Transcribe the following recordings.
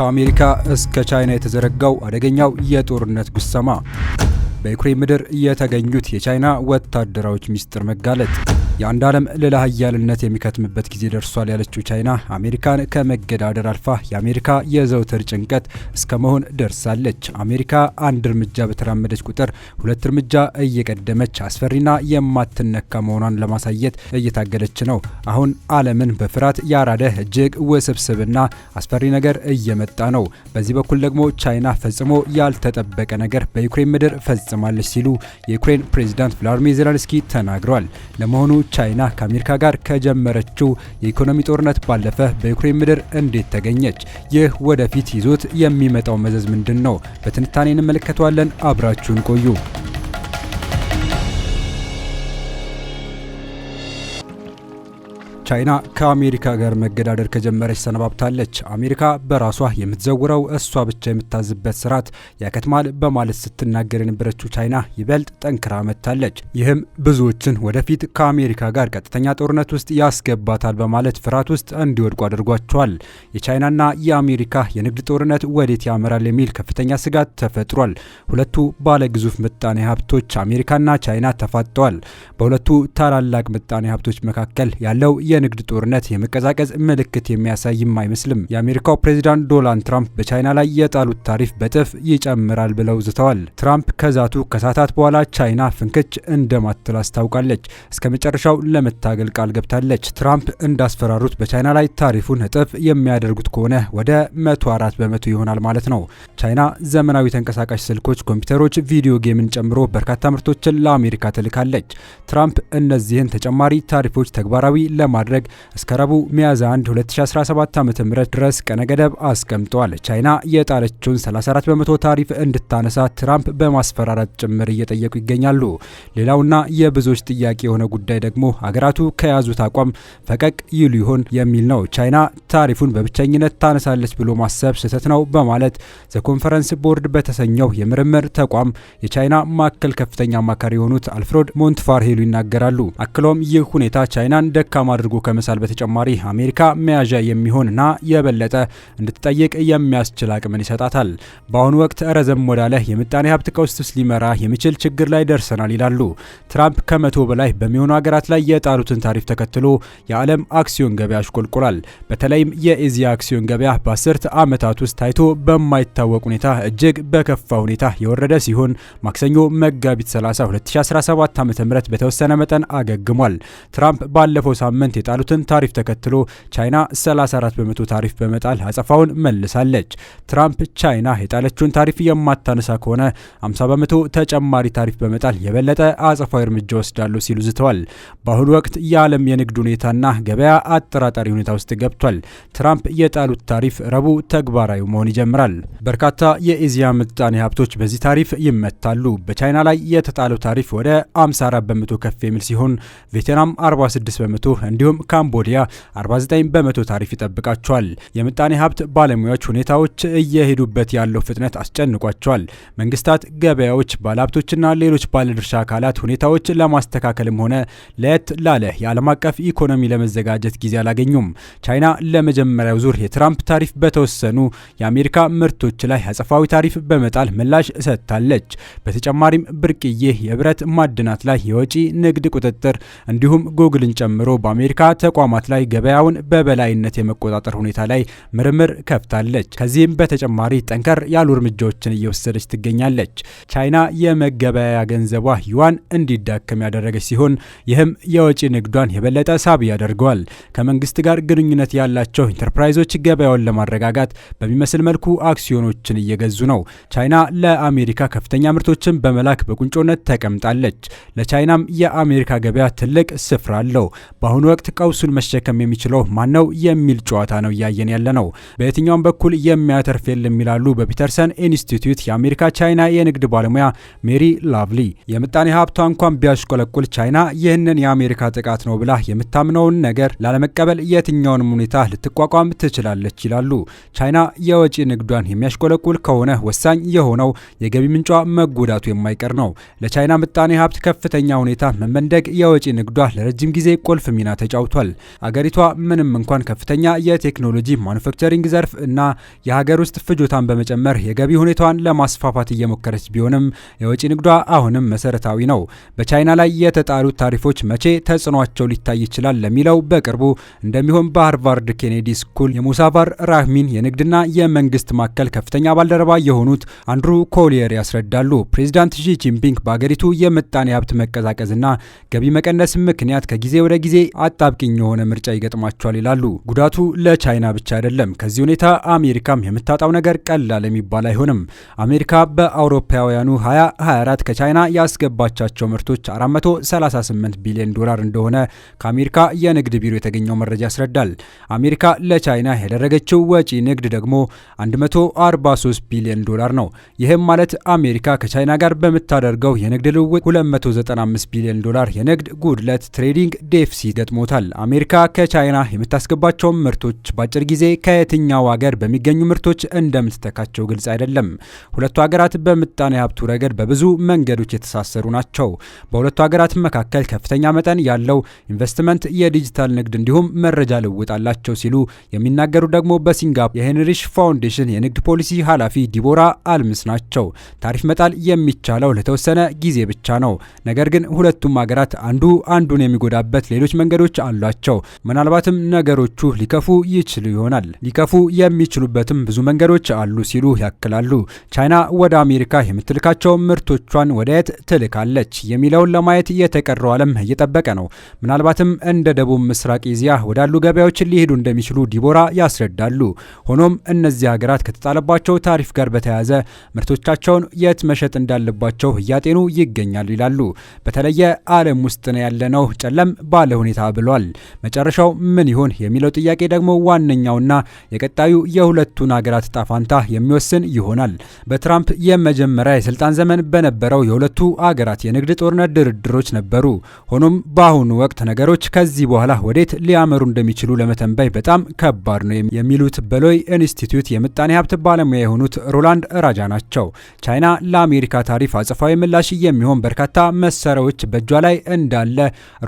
ከአሜሪካ እስከ ቻይና የተዘረጋው አደገኛው የጦርነት ጉሰማ፣ በዩክሬን ምድር የተገኙት የቻይና ወታደራዎች ምስጢር መጋለጥ የአንድ ዓለም ሌላ ሀያልነት የሚከትምበት ጊዜ ደርሷል ያለችው ቻይና አሜሪካን ከመገዳደር አልፋ የአሜሪካ የዘውትር ጭንቀት እስከ መሆን ደርሳለች። አሜሪካ አንድ እርምጃ በተራመደች ቁጥር ሁለት እርምጃ እየቀደመች አስፈሪና የማትነካ መሆኗን ለማሳየት እየታገለች ነው። አሁን ዓለምን በፍርሃት ያራደ እጅግ ውስብስብና አስፈሪ ነገር እየመጣ ነው። በዚህ በኩል ደግሞ ቻይና ፈጽሞ ያልተጠበቀ ነገር በዩክሬን ምድር ፈጽማለች ሲሉ የዩክሬን ፕሬዚዳንት ቭላድሚር ዜለንስኪ ተናግረዋል። ለመሆኑ ቻይና ከአሜሪካ ጋር ከጀመረችው የኢኮኖሚ ጦርነት ባለፈ በዩክሬን ምድር እንዴት ተገኘች? ይህ ወደፊት ይዞት የሚመጣው መዘዝ ምንድን ነው? በትንታኔ እንመለከተዋለን። አብራችሁን ቆዩ። ቻይና ከአሜሪካ ጋር መገዳደር ከጀመረች ሰነባብታለች። አሜሪካ በራሷ የምትዘውረው እሷ ብቻ የምታዝበት ስርዓት ያከትማል በማለት ስትናገር የነበረችው ቻይና ይበልጥ ጠንክራ መጥታለች። ይህም ብዙዎችን ወደፊት ከአሜሪካ ጋር ቀጥተኛ ጦርነት ውስጥ ያስገባታል በማለት ፍርሃት ውስጥ እንዲወድቁ አድርጓቸዋል። የቻይናና የአሜሪካ የንግድ ጦርነት ወዴት ያመራል የሚል ከፍተኛ ስጋት ተፈጥሯል። ሁለቱ ባለ ግዙፍ ምጣኔ ሀብቶች አሜሪካና ቻይና ተፋጠዋል። በሁለቱ ታላላቅ ምጣኔ ሀብቶች መካከል ያለው የንግድ ጦርነት የመቀዛቀዝ ምልክት የሚያሳይም አይመስልም። የአሜሪካው ፕሬዚዳንት ዶናልድ ትራምፕ በቻይና ላይ የጣሉት ታሪፍ በጥፍ ይጨምራል ብለው ዝተዋል። ትራምፕ ከዛቱ ከሳታት በኋላ ቻይና ፍንክች እንደማትል አስታውቃለች። እስከ መጨረሻው ለመታገል ቃል ገብታለች። ትራምፕ እንዳስፈራሩት በቻይና ላይ ታሪፉን እጥፍ የሚያደርጉት ከሆነ ወደ 104 በመቶ ይሆናል ማለት ነው። ቻይና ዘመናዊ ተንቀሳቃሽ ስልኮች፣ ኮምፒውተሮች፣ ቪዲዮ ጌምን ጨምሮ በርካታ ምርቶችን ለአሜሪካ ትልካለች። ትራምፕ እነዚህን ተጨማሪ ታሪፎች ተግባራዊ ለማድረግ ለማድረግ እስከ ረቡዕ ሚያዝያ 1 2017 ዓ ም ድረስ ቀነ ገደብ አስቀምጧል። ቻይና የጣለችውን 34 በመቶ ታሪፍ እንድታነሳ ትራምፕ በማስፈራራት ጭምር እየጠየቁ ይገኛሉ። ሌላውና የብዙዎች ጥያቄ የሆነ ጉዳይ ደግሞ አገራቱ ከያዙት አቋም ፈቀቅ ይሉ ይሆን የሚል ነው። ቻይና ታሪፉን በብቸኝነት ታነሳለች ብሎ ማሰብ ስህተት ነው በማለት ዘኮንፈረንስ ቦርድ በተሰኘው የምርምር ተቋም የቻይና ማዕከል ከፍተኛ አማካሪ የሆኑት አልፍሬድ ሞንትፋርሄሉ ይናገራሉ። አክለውም ይህ ሁኔታ ቻይናን ደካማ አድርጎ ከመሳል በተጨማሪ አሜሪካ መያዣ የሚሆንና የበለጠ እንድትጠይቅ የሚያስችል አቅምን ይሰጣታል። በአሁኑ ወቅት ረዘም ወዳለ የምጣኔ ሀብት ቀውስ ውስጥ ሊመራ የሚችል ችግር ላይ ደርሰናል ይላሉ ትራምፕ። ከመቶ በላይ በሚሆኑ ሀገራት ላይ የጣሉትን ታሪፍ ተከትሎ የዓለም አክሲዮን ገበያ አሽቆልቁሏል። በተለይም የኤዚያ አክሲዮን ገበያ በአስርት ዓመታት ውስጥ ታይቶ በማይታወቅ ሁኔታ እጅግ በከፋ ሁኔታ የወረደ ሲሆን ማክሰኞ መጋቢት 30 2017 ዓ ም በተወሰነ መጠን አገግሟል። ትራምፕ ባለፈው ሳምንት የጣሉትን ታሪፍ ተከትሎ ቻይና 34 በመቶ ታሪፍ በመጣል አጸፋውን መልሳለች። ትራምፕ ቻይና የጣለችውን ታሪፍ የማታነሳ ከሆነ 50 በመቶ ተጨማሪ ታሪፍ በመጣል የበለጠ አጸፋዊ እርምጃ ወስዳሉ ሲሉ ዝተዋል። በአሁኑ ወቅት የዓለም የንግድ ሁኔታና ገበያ አጠራጣሪ ሁኔታ ውስጥ ገብቷል። ትራምፕ የጣሉት ታሪፍ ረቡዕ ተግባራዊ መሆን ይጀምራል። በርካታ የኤዚያ ምጣኔ ሀብቶች በዚህ ታሪፍ ይመታሉ። በቻይና ላይ የተጣለው ታሪፍ ወደ 54 በመቶ ከፍ የሚል ሲሆን ቬትናም 46 በመቶ እንዲሁም እንዲሁም ካምቦዲያ 49 በመቶ ታሪፍ ይጠብቃቸዋል። የምጣኔ ሀብት ባለሙያዎች ሁኔታዎች እየሄዱበት ያለው ፍጥነት አስጨንቋቸዋል። መንግስታት፣ ገበያዎች፣ ባለሀብቶችና ሌሎች ባለድርሻ አካላት ሁኔታዎች ለማስተካከልም ሆነ ለየት ላለ የዓለም አቀፍ ኢኮኖሚ ለመዘጋጀት ጊዜ አላገኙም። ቻይና ለመጀመሪያው ዙር የትራምፕ ታሪፍ በተወሰኑ የአሜሪካ ምርቶች ላይ አጸፋዊ ታሪፍ በመጣል ምላሽ ሰጥታለች። በተጨማሪም ብርቅዬ የብረት ማዕድናት ላይ የወጪ ንግድ ቁጥጥር እንዲሁም ጉግልን ጨምሮ በአሜሪካ አሜሪካ ተቋማት ላይ ገበያውን በበላይነት የመቆጣጠር ሁኔታ ላይ ምርምር ከፍታለች። ከዚህም በተጨማሪ ጠንከር ያሉ እርምጃዎችን እየወሰደች ትገኛለች። ቻይና የመገበያያ ገንዘቧ ዩዋን እንዲዳከም ያደረገች ሲሆን ይህም የወጪ ንግዷን የበለጠ ሳቢ ያደርገዋል። ከመንግስት ጋር ግንኙነት ያላቸው ኢንተርፕራይዞች ገበያውን ለማረጋጋት በሚመስል መልኩ አክሲዮኖችን እየገዙ ነው። ቻይና ለአሜሪካ ከፍተኛ ምርቶችን በመላክ በቁንጮነት ተቀምጣለች። ለቻይናም የአሜሪካ ገበያ ትልቅ ስፍራ አለው። በአሁኑ ወቅት ቀውሱን መሸከም የሚችለው ማን ነው የሚል ጨዋታ ነው እያየን ያለ ነው። በየትኛውም በኩል የሚያተርፍ የለም ይላሉ በፒተርሰን ኢንስቲትዩት የአሜሪካ ቻይና የንግድ ባለሙያ ሜሪ ላቭሊ። የምጣኔ ሀብቷ እንኳን ቢያሽቆለቁል ቻይና ይህንን የአሜሪካ ጥቃት ነው ብላ የምታምነውን ነገር ላለመቀበል የትኛውንም ሁኔታ ልትቋቋም ትችላለች ይላሉ። ቻይና የወጪ ንግዷን የሚያሽቆለቁል ከሆነ ወሳኝ የሆነው የገቢ ምንጯ መጎዳቱ የማይቀር ነው። ለቻይና ምጣኔ ሀብት ከፍተኛ ሁኔታ መመንደግ የወጪ ንግዷ ለረጅም ጊዜ ቁልፍ ሚና ተጫ ተጫውቷል። አገሪቷ ምንም እንኳን ከፍተኛ የቴክኖሎጂ ማኑፋክቸሪንግ ዘርፍ እና የሀገር ውስጥ ፍጆታን በመጨመር የገቢ ሁኔታዋን ለማስፋፋት እየሞከረች ቢሆንም የወጪ ንግዷ አሁንም መሰረታዊ ነው። በቻይና ላይ የተጣሉት ታሪፎች መቼ ተጽዕኗቸው ሊታይ ይችላል ለሚለው በቅርቡ እንደሚሆን በሃርቫርድ ኬኔዲ ስኩል የሙሳቫር ራህሚን የንግድና የመንግስት ማዕከል ከፍተኛ ባልደረባ የሆኑት አንድሩ ኮሊየር ያስረዳሉ። ፕሬዚዳንት ሺ ጂንፒንግ በአገሪቱ የምጣኔ ሀብት መቀዛቀዝና ገቢ መቀነስ ምክንያት ከጊዜ ወደ ጊዜ አጣ አጣብቂኝ የሆነ ምርጫ ይገጥማቸዋል ይላሉ። ጉዳቱ ለቻይና ብቻ አይደለም። ከዚህ ሁኔታ አሜሪካም የምታጣው ነገር ቀላል የሚባል አይሆንም። አሜሪካ በአውሮፓውያኑ 2024 ከቻይና ያስገባቻቸው ምርቶች 438 ቢሊዮን ዶላር እንደሆነ ከአሜሪካ የንግድ ቢሮ የተገኘው መረጃ ያስረዳል። አሜሪካ ለቻይና ያደረገችው ወጪ ንግድ ደግሞ 143 ቢሊዮን ዶላር ነው። ይህም ማለት አሜሪካ ከቻይና ጋር በምታደርገው የንግድ ልውውጥ 295 ቢሊዮን ዶላር የንግድ ጉድለት ትሬዲንግ ዴፍሲ ገጥሞታል። ይገኛል። አሜሪካ ከቻይና የምታስገባቸውን ምርቶች በአጭር ጊዜ ከየትኛው ሀገር በሚገኙ ምርቶች እንደምትተካቸው ግልጽ አይደለም። ሁለቱ ሀገራት በምጣኔ ሀብቱ ረገድ በብዙ መንገዶች የተሳሰሩ ናቸው። በሁለቱ ሀገራት መካከል ከፍተኛ መጠን ያለው ኢንቨስትመንት፣ የዲጂታል ንግድ እንዲሁም መረጃ ልውውጥ አላቸው ሲሉ የሚናገሩ ደግሞ በሲንጋፖር የሄንሪሽ ፋውንዴሽን የንግድ ፖሊሲ ኃላፊ ዲቦራ አልምስ ናቸው። ታሪፍ መጣል የሚቻለው ለተወሰነ ጊዜ ብቻ ነው። ነገር ግን ሁለቱም ሀገራት አንዱ አንዱን የሚጎዳበት ሌሎች መንገዶች አሏቸው። ምናልባትም ነገሮቹ ሊከፉ ይችሉ ይሆናል። ሊከፉ የሚችሉበትም ብዙ መንገዶች አሉ ሲሉ ያክላሉ። ቻይና ወደ አሜሪካ የምትልካቸው ምርቶቿን ወደ የት ትልካለች የሚለውን ለማየት የተቀረው ዓለም እየጠበቀ ነው። ምናልባትም እንደ ደቡብ ምስራቅ ኤዚያ ወዳሉ ገበያዎች ሊሄዱ እንደሚችሉ ዲቦራ ያስረዳሉ። ሆኖም እነዚህ ሀገራት ከተጣለባቸው ታሪፍ ጋር በተያያዘ ምርቶቻቸውን የት መሸጥ እንዳለባቸው እያጤኑ ይገኛሉ ይላሉ። በተለየ ዓለም ውስጥ ነው ያለነው ጨለም ባለ ሁኔታ ብሏል። ብሏል። መጨረሻው ምን ይሆን የሚለው ጥያቄ ደግሞ ዋነኛውና የቀጣዩ የሁለቱን ሀገራት ጣፋንታ የሚወስን ይሆናል። በትራምፕ የመጀመሪያ የስልጣን ዘመን በነበረው የሁለቱ አገራት የንግድ ጦርነት ድርድሮች ነበሩ። ሆኖም በአሁኑ ወቅት ነገሮች ከዚህ በኋላ ወዴት ሊያመሩ እንደሚችሉ ለመተንበይ በጣም ከባድ ነው የሚሉት በሎይ ኢንስቲትዩት የምጣኔ ሀብት ባለሙያ የሆኑት ሮላንድ ራጃ ናቸው። ቻይና ለአሜሪካ ታሪፍ አጽፋዊ ምላሽ የሚሆን በርካታ መሳሪያዎች በእጇ ላይ እንዳለ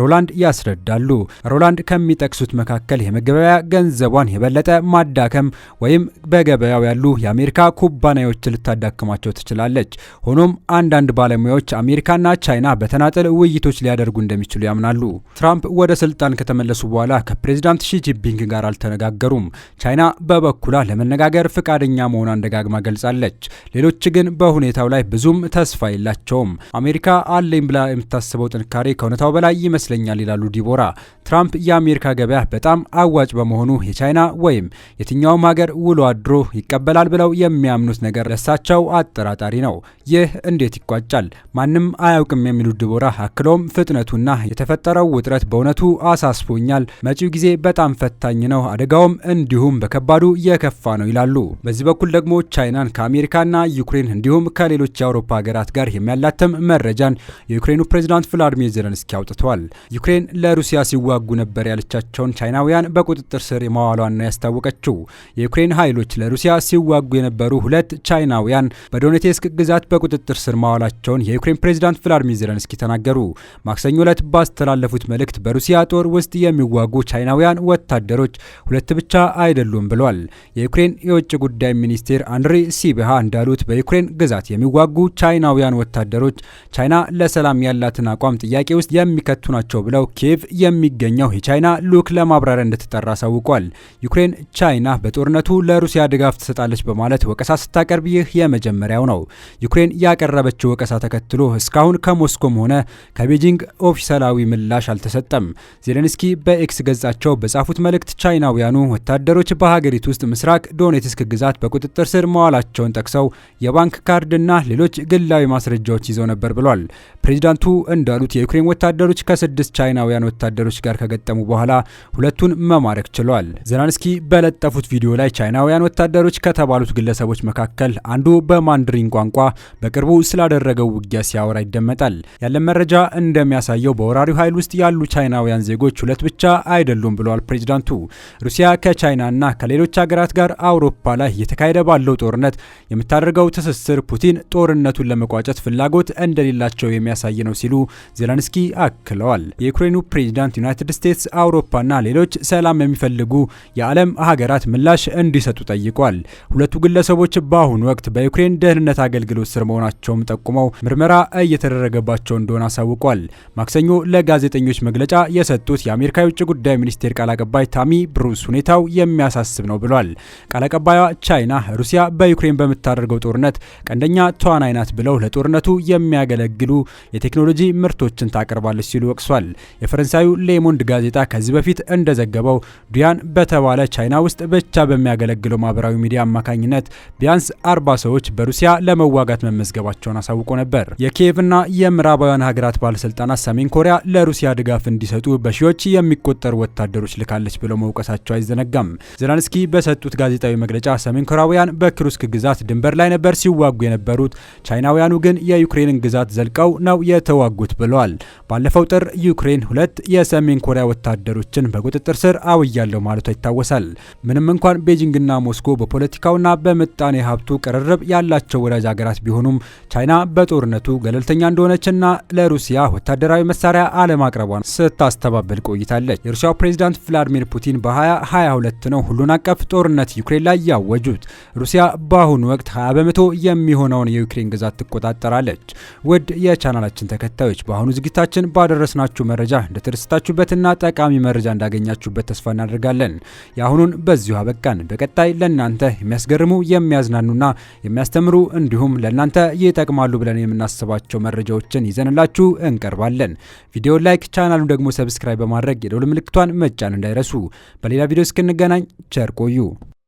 ሮላንድ ያስረዳሉ። ሮላንድ ከሚጠቅሱት መካከል የመገበያያ ገንዘቧን የበለጠ ማዳከም ወይም በገበያው ያሉ የአሜሪካ ኩባንያዎች ልታዳክማቸው ትችላለች። ሆኖም አንዳንድ ባለሙያዎች አሜሪካና ቻይና በተናጠል ውይይቶች ሊያደርጉ እንደሚችሉ ያምናሉ። ትራምፕ ወደ ስልጣን ከተመለሱ በኋላ ከፕሬዚዳንት ሺጂፒንግ ጋር አልተነጋገሩም። ቻይና በበኩሏ ለመነጋገር ፈቃደኛ መሆኗን ደጋግማ ገልጻለች። ሌሎች ግን በሁኔታው ላይ ብዙም ተስፋ የላቸውም። አሜሪካ አለኝ ብላ የምታስበው ጥንካሬ ከእውነታው በላይ ይመስለኛል ይላሉ ዲቦራ። ትራምፕ የአሜሪካ ገበያ በጣም አዋጭ በመሆኑ የቻይና ወይም የትኛውም ሀገር ውሎ አድሮ ይቀበላል ብለው የሚያምኑት ነገር ለሳቸው አጠራጣሪ ነው። ይህ እንዴት ይቋጫል? ማንም አያውቅም የሚሉት ድቦራ አክለውም ፍጥነቱና የተፈጠረው ውጥረት በእውነቱ አሳስቦኛል። መጪው ጊዜ በጣም ፈታኝ ነው፣ አደጋውም እንዲሁም በከባዱ የከፋ ነው ይላሉ። በዚህ በኩል ደግሞ ቻይናን ከአሜሪካና ዩክሬን እንዲሁም ከሌሎች የአውሮፓ ሀገራት ጋር የሚያላትም መረጃን የዩክሬኑ ፕሬዚዳንት ቭላዲሚር ዜለንስኪ አውጥተዋል። ዩክሬን ለሩሲያ ሲዋ ይዋጉ ነበር ያለቻቸውን ቻይናውያን በቁጥጥር ስር ማዋሏን ነው ያስታወቀችው። የዩክሬን ኃይሎች ለሩሲያ ሲዋጉ የነበሩ ሁለት ቻይናውያን በዶኔቴስክ ግዛት በቁጥጥር ስር ማዋላቸውን የዩክሬን ፕሬዚዳንት ቭላድሚር ዜለንስኪ ተናገሩ። ማክሰኞ ዕለት ባስተላለፉት መልእክት በሩሲያ ጦር ውስጥ የሚዋጉ ቻይናውያን ወታደሮች ሁለት ብቻ አይደሉም ብሏል። የዩክሬን የውጭ ጉዳይ ሚኒስቴር አንድሪ ሲቢሃ እንዳሉት በዩክሬን ግዛት የሚዋጉ ቻይናውያን ወታደሮች ቻይና ለሰላም ያላትን አቋም ጥያቄ ውስጥ የሚከቱ ናቸው ብለው ኪየቭ የሚገ የሚገኘው የቻይና ልዑክ ለማብራሪያ እንደተጠራ አሳውቋል። ዩክሬን ቻይና በጦርነቱ ለሩሲያ ድጋፍ ትሰጣለች በማለት ወቀሳ ስታቀርብ ይህ የመጀመሪያው ነው። ዩክሬን ያቀረበችው ወቀሳ ተከትሎ እስካሁን ከሞስኮም ሆነ ከቤጂንግ ኦፊሰላዊ ምላሽ አልተሰጠም። ዜሌንስኪ በኤክስ ገጻቸው በጻፉት መልእክት ቻይናውያኑ ወታደሮች በሀገሪቱ ውስጥ ምስራቅ ዶኔትስክ ግዛት በቁጥጥር ስር መዋላቸውን ጠቅሰው የባንክ ካርድና ሌሎች ግላዊ ማስረጃዎች ይዘው ነበር ብሏል። ፕሬዚዳንቱ እንዳሉት የዩክሬን ወታደሮች ከስድስት ቻይናውያን ወታደሮች ጋር ጋር ከገጠሙ በኋላ ሁለቱን መማረክ ችሏል። ዘለንስኪ በለጠፉት ቪዲዮ ላይ ቻይናውያን ወታደሮች ከተባሉት ግለሰቦች መካከል አንዱ በማንድሪን ቋንቋ በቅርቡ ስላደረገው ውጊያ ሲያወራ ይደመጣል። ያለን መረጃ እንደሚያሳየው በወራሪው ኃይል ውስጥ ያሉ ቻይናውያን ዜጎች ሁለት ብቻ አይደሉም ብለዋል ፕሬዚዳንቱ። ሩሲያ ከቻይናና ከሌሎች ሀገራት ጋር አውሮፓ ላይ እየተካሄደ ባለው ጦርነት የምታደርገው ትስስር ፑቲን ጦርነቱን ለመቋጨት ፍላጎት እንደሌላቸው የሚያሳይ ነው ሲሉ ዜለንስኪ አክለዋል። የዩክሬኑ ፕሬዚዳንት ዩናይትድ ዩናይትድ ስቴትስ፣ አውሮፓና ሌሎች ሰላም የሚፈልጉ የዓለም ሀገራት ምላሽ እንዲሰጡ ጠይቋል። ሁለቱ ግለሰቦች በአሁኑ ወቅት በዩክሬን ደህንነት አገልግሎት ስር መሆናቸውም ጠቁመው ምርመራ እየተደረገባቸው እንደሆነ አሳውቋል። ማክሰኞ ለጋዜጠኞች መግለጫ የሰጡት የአሜሪካ የውጭ ጉዳይ ሚኒስቴር ቃል አቀባይ ታሚ ብሩስ ሁኔታው የሚያሳስብ ነው ብሏል። ቃል አቀባዩ ቻይና ሩሲያ በዩክሬን በምታደርገው ጦርነት ቀንደኛ ተዋናይ ናት ብለው ለጦርነቱ የሚያገለግሉ የቴክኖሎጂ ምርቶችን ታቀርባለች ሲሉ ወቅሷል። የፈረንሳዩ ሌሞ ዴሞንድ ጋዜጣ ከዚህ በፊት እንደዘገበው ዱያን በተባለ ቻይና ውስጥ ብቻ በሚያገለግለው ማህበራዊ ሚዲያ አማካኝነት ቢያንስ 40 ሰዎች በሩሲያ ለመዋጋት መመዝገባቸውን አሳውቆ ነበር። የኪየቭና የምዕራባውያን ሀገራት ባለስልጣናት ሰሜን ኮሪያ ለሩሲያ ድጋፍ እንዲሰጡ በሺዎች የሚቆጠሩ ወታደሮች ልካለች ብለው መውቀሳቸው አይዘነጋም። ዘለንስኪ በሰጡት ጋዜጣዊ መግለጫ ሰሜን ኮሪያውያን በክሩስክ ግዛት ድንበር ላይ ነበር ሲዋጉ የነበሩት፣ ቻይናውያኑ ግን የዩክሬንን ግዛት ዘልቀው ነው የተዋጉት ብለዋል። ባለፈው ጥር ዩክሬን ሁለት የሰሜን የሰሜን ኮሪያ ወታደሮችን በቁጥጥር ስር አውያለሁ ማለቷ ይታወሳል። ምንም እንኳን ቤጂንግና ሞስኮ በፖለቲካውና በምጣኔ ሀብቱ ቅርርብ ያላቸው ወዳጅ ሀገራት ቢሆኑም ቻይና በጦርነቱ ገለልተኛ እንደሆነችና ለሩሲያ ወታደራዊ መሳሪያ አለማቅረቧን ስታስተባብል ቆይታለች። የሩሲያው ፕሬዚዳንት ቭላዲሚር ፑቲን በ2022 ነው ሁሉን አቀፍ ጦርነት ዩክሬን ላይ ያወጁት። ሩሲያ በአሁኑ ወቅት 20 በመቶ የሚሆነውን የዩክሬን ግዛት ትቆጣጠራለች። ውድ የቻናላችን ተከታዮች በአሁኑ ዝግጅታችን ባደረስናችሁ መረጃ እንደተደሰታችሁበት ያገኛችሁበትና ጠቃሚ መረጃ እንዳገኛችሁበት ተስፋ እናደርጋለን። የአሁኑን በዚሁ አበቃን። በቀጣይ ለእናንተ የሚያስገርሙ የሚያዝናኑና የሚያስተምሩ እንዲሁም ለእናንተ ይጠቅማሉ ብለን የምናስባቸው መረጃዎችን ይዘንላችሁ እንቀርባለን። ቪዲዮ ላይክ፣ ቻናሉን ደግሞ ሰብስክራይብ በማድረግ የደውል ምልክቷን መጫን እንዳይረሱ። በሌላ ቪዲዮ እስክንገናኝ ቸር ቆዩ።